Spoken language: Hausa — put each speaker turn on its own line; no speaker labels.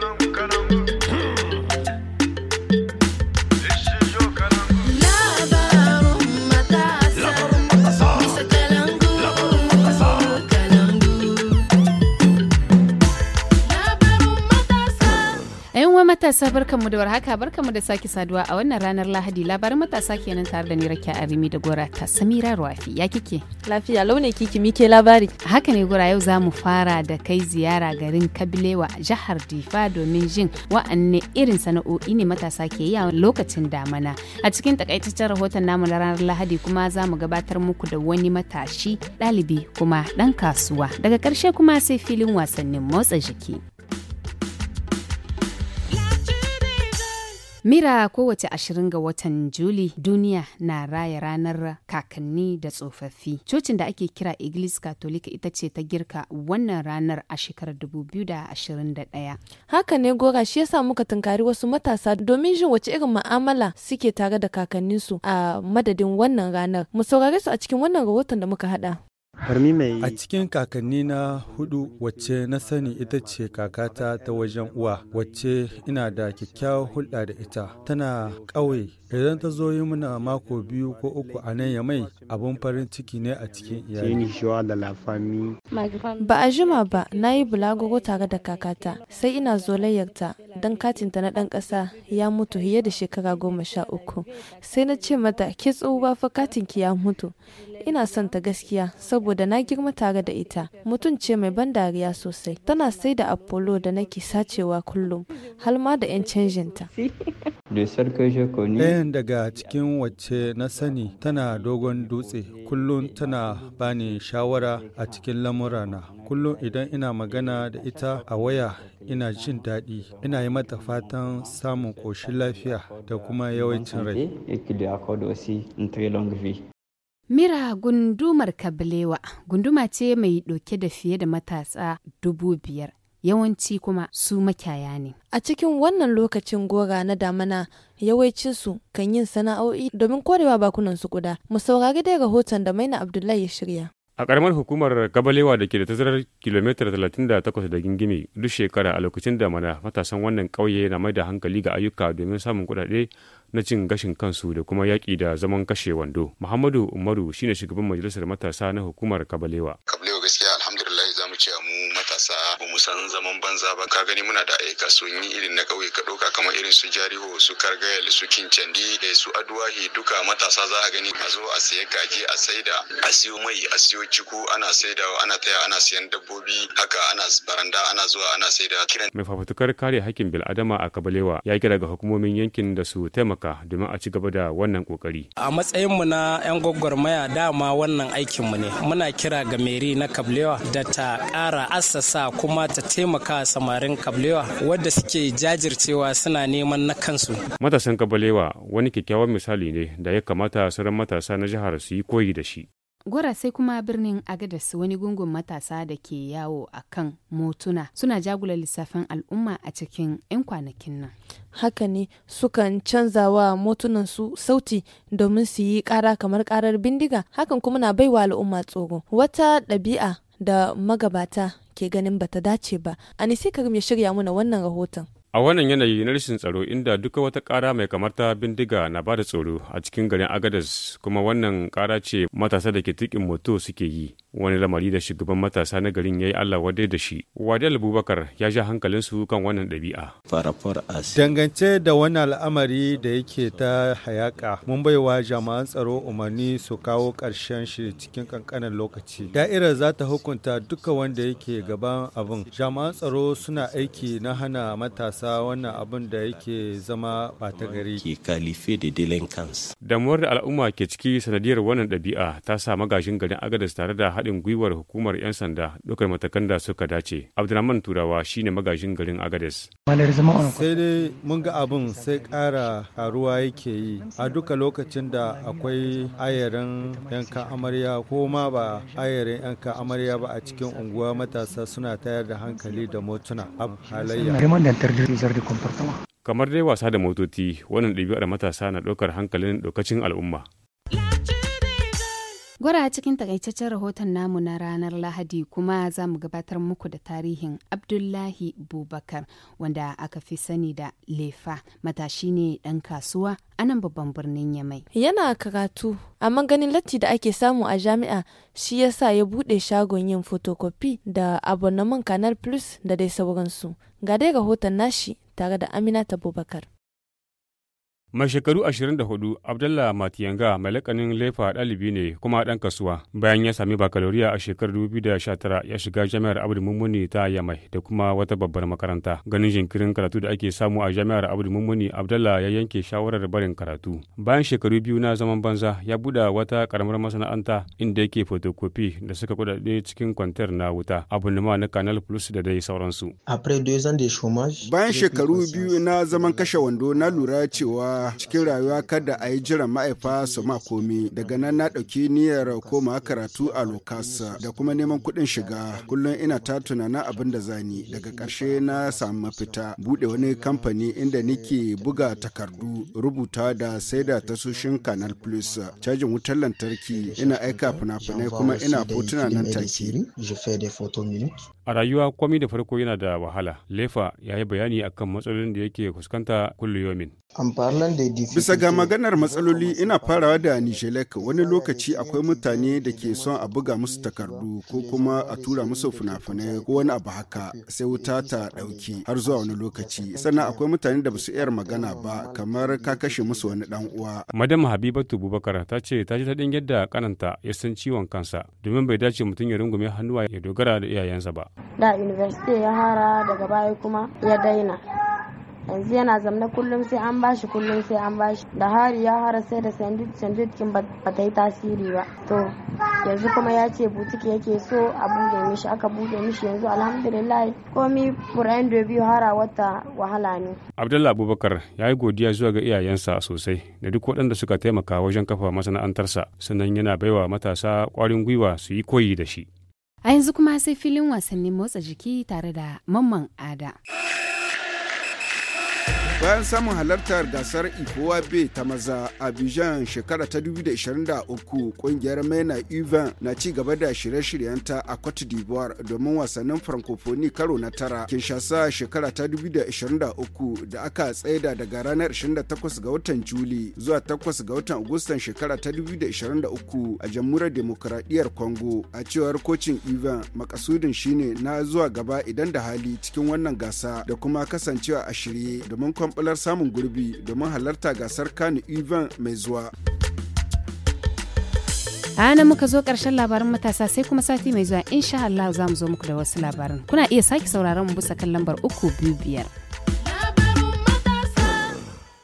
calango, calango.
matasa barkanmu da warhaka barkanmu da sake saduwa a wannan ranar Lahadi labarin matasa kenan tare da Nira Rakiya Arimi da Gora ta Samira ruwafi ya kike? Lafiya launa kiki mike labari. Haka ne Gora yau za mu fara da kai ziyara garin Kabilewa jihar Difa domin jin wa'anne irin sana'o'i ne matasa ke yi a lokacin damana. A cikin takaitaccen rahoton namu na ranar Lahadi kuma za mu gabatar muku da wani matashi ɗalibi kuma ɗan kasuwa daga ƙarshe kuma sai filin wasannin motsa jiki. Mira kowace ashirin ga watan Juli duniya na raya ranar kakanni da tsofaffi. Cocin da ake kira Iglis Katolika ita ce ta girka wannan ranar a shekarar 2021.
Haka ne gora shi yasa muka tunkari wasu matasa domin jin wace irin ma'amala suke tare da kakanninsu a madadin wannan ranar. Mu saurare su a cikin wannan rahoton da muka hada.
A cikin kakanni na hudu wacce na sani ita ce kakata ta wajen uwa wacce ina da kyakkyawar hulɗa da ita tana ƙauye idan ta zo yi muna mako biyu ko uku a nan ya mai abun farin ciki ne a cikin iyali.
Ba a jima ba na yi bulagogo tare da kakata sai ina zolayyarta don katinta na ɗan ƙasa ya mutu fiye da shekara goma sha uku sai na ce mata ki tsohuwa fa katinki ya mutu ina son ta gaskiya saboda saboda na girma tare da ita. Mutum ce mai ban dariya sosai. Tana sai da Apollo da nake sacewa kullum, har ma da 'yan canjinta.
Ɗayan
daga cikin wacce na sani tana dogon dutse, kullum tana bani shawara a cikin lamurana. Kullum idan ina magana da ita a waya ina jin daɗi, ina yi mata fatan samun ƙoshin lafiya da kuma yawancin rai.
Mira gundumar Kablewa gunduma ce mai ɗauke da fiye da matasa dubu biyar. Yawanci kuma su makyaya ne. A cikin wannan lokacin gora
na damana yawancinsu kan yin sana'o'i domin korewa bakunan su kuda. Mu saurari dai rahoton da Maina Abdullahi ya shirya.
a karamar hukumar gabalewa da ke da tazarar kilomita 38 da gingime duk shekara a lokacin da matasan wannan ƙauye na mai da hankali ga ayyuka domin samun kuɗaɗe na cin gashin kansu da kuma yaƙi da zaman kashe wando muhammadu umaru shine shugaban majalisar matasa na hukumar kabalewa
san zaman banza ba ka gani muna da aika sun yi irin na kauye ka ɗauka kamar irin su jariho su kargayal su kincandi su aduwahi duka matasa za a gani a zo a sayi kaji a saida a siyo mai a siyo ciku ana saidawa ana taya ana siyan dabbobi haka ana baranda ana zuwa ana saida kiran
mai fafutukar kare hakkin bil'adama a kabalewa ya kira ga hukumomin yankin da su taimaka domin a ci gaba da wannan kokari
a matsayin mu na yan gwagwarmaya dama wannan aikin mu ne muna kira ga meri na kabalewa da ta ƙara assasa kuma ta taimaka samarin kablewa wadda suke jajircewa suna neman na
kansu matasan kabalewa wani kyakkyawan misali ne da ya kamata sauran matasa na jihar su yi koyi da shi
Gwara sai kuma birnin Agadas wani gungun matasa da ke yawo a kan motuna suna jagula lissafin al'umma a cikin 'yan kwanakin nan. Haka
ne sukan canza wa motunansu sauti domin su yi kara kamar karar bindiga hakan kuma na baiwa al'umma tsoro. Wata ɗabi'a da magabata ke ganin bata dace ba. a Karim ya shirya mana wannan rahoton.
a wannan yanayi na rashin tsaro inda duka wata kara mai kamar ta bindiga na bada tsoro a cikin garin agadas kuma wannan kara ce matasa da ke tukin moto suke yi wani lamari da shugaban matasa na garin ya yi allah wadai da shi wadai abubakar ya ja su kan wannan ɗabi'a
dangance da wani al'amari da yake ta hayaka mun baiwa jama'an tsaro umarni su kawo ƙarshen shi cikin kankanin lokaci da'ira za ta hukunta duka wanda yake gaban abin jama'an tsaro suna aiki na hana matasa sa wannan abin da yake zama bata
gari. Ke kalife da delinquents Damuwar da al'umma ke ciki sanadiyar wannan dabi'a ta sa magashin garin Agadas tare da haɗin gwiwar hukumar 'yan sanda dokar matakan da suka dace. Abdulrahman Turawa shine magajin garin Agadas.
Sai dai mun ga abin sai ƙara karuwa yake yi a duka lokacin da akwai ayarin 'yan amarya ko ma ba ayarin 'yan amarya ba a cikin unguwa matasa suna tayar da hankali da motuna halayya. tizar
da kamar dai wasa da motoci wannan ɗabi'ar matasa na ɗaukar hankalin ɗaukacin al'umma
Gwara cikin takaitaccen rahoton namu na ranar Lahadi kuma za mu gabatar muku da tarihin Abdullahi Bubakar wanda aka fi sani da Lefa matashi ne dan kasuwa a nan babban birnin Yamai. Yana karatu, amma ganin latti
da ake samu a jami'a shi ya sa ya buɗe shagon yin fotokofi da abonaman Canal Plus da dai sauransu. Ga dai rahoton nashi tare da Aminata Bubakar.
Mai shekaru 24 Abdullah Matiyanga mai lakanin lefa ɗalibi ne kuma ɗan kasuwa bayan ya sami bakaloriya a shekarar 2019 ya shiga jami'ar Abdu Mummuni ta Yamai da kuma wata babbar makaranta. Ganin jinkirin karatu da ake samu a jami'ar Abdu Mummuni Abdullah ya yanke shawarar barin karatu. Bayan shekaru biyu na zaman banza ya buɗe wata karamar masana'anta inda yake fotokofi da suka kudade cikin kwantar na wuta numa na kanal Plus da dai sauransu.
Bayan shekaru biyu na zaman kashe wando na lura cewa cikin rayuwa kada a yi jiran ma'aifa su ma komi daga nan na ɗauki niyyar koma karatu a lokasa da kuma neman kuɗin shiga kullum ina ta tunanin abin da zani daga ƙarshe na samu mafita buɗe wani kamfani inda nike buga takardu rubuta da saida tasoshin Canal Plus cajin wutar lantarki ina aika fina-finai kuma ina hotuna nan take.
A rayuwa kwami da farko yana da wahala. Lefa ya yi bayani akan matsalolin da yake fuskanta yomin.
Bisa ga maganar matsaloli ina farawa da Nishelek wani lokaci akwai mutane da ke son a buga musu takardu ko kuma a tura musu fina-finai ko wani abu haka sai wuta ta ɗauki har zuwa wani lokaci. Sannan akwai mutane da basu iyar magana ba kamar ka kashe musu wani dan uwa.
Madam Habibatu Bubakar ta ce ta ji daɗin yadda kananta ya san ciwon kansa domin bai dace mutum ya rungume hannuwa ya dogara da iyayensa ba.
da university ya hara daga baya kuma ya daina yanzu yana zamna kullum sai an bashi kullum sai an bashi da hari ya hara sai da sandwich sandwich ba ta yi tasiri ba to yanzu kuma ya ce butiki yake so a buɗe mishi aka buɗe mishi yanzu alhamdulillah komi furen da biyu hara wata wahala ne
abdullahi abubakar ya yi godiya zuwa ga iyayensa sosai da duk waɗanda suka taimaka wajen kafa masana'antarsa sannan yana baiwa matasa ƙwarin gwiwa su yi koyi da shi
A yanzu kuma sai filin wasannin motsa jiki tare da Mamman Ada.
bayan samun halartar gasar ikowa bay ta maza abidjan shekara ta 2023 kungiyar mena ivan na ci gaba da shirye-shiryenta a cote d'ivoire domin wasannin francophonie karo na tara kinshasa shekara ta 2023 da aka tsaida daga ranar 28 ga watan juli zuwa 8 ga watan agustan shekara ta 2023 a jamhuriyar demokradiyyar congo a cewar kocin ivan makasudin shine na zuwa gaba idan da hali cikin wannan gasa da kuma kasancewa a shirye domin kwamɓalar samun gurbi domin halarta gasar Kano Ivan mai zuwa.
A nan muka zo ƙarshen labarin matasa sai kuma sati mai zuwa insha Allah za mu zo muku da wasu labarin. Kuna iya sake sauraron mu bisa kan lambar uku biyu biyar.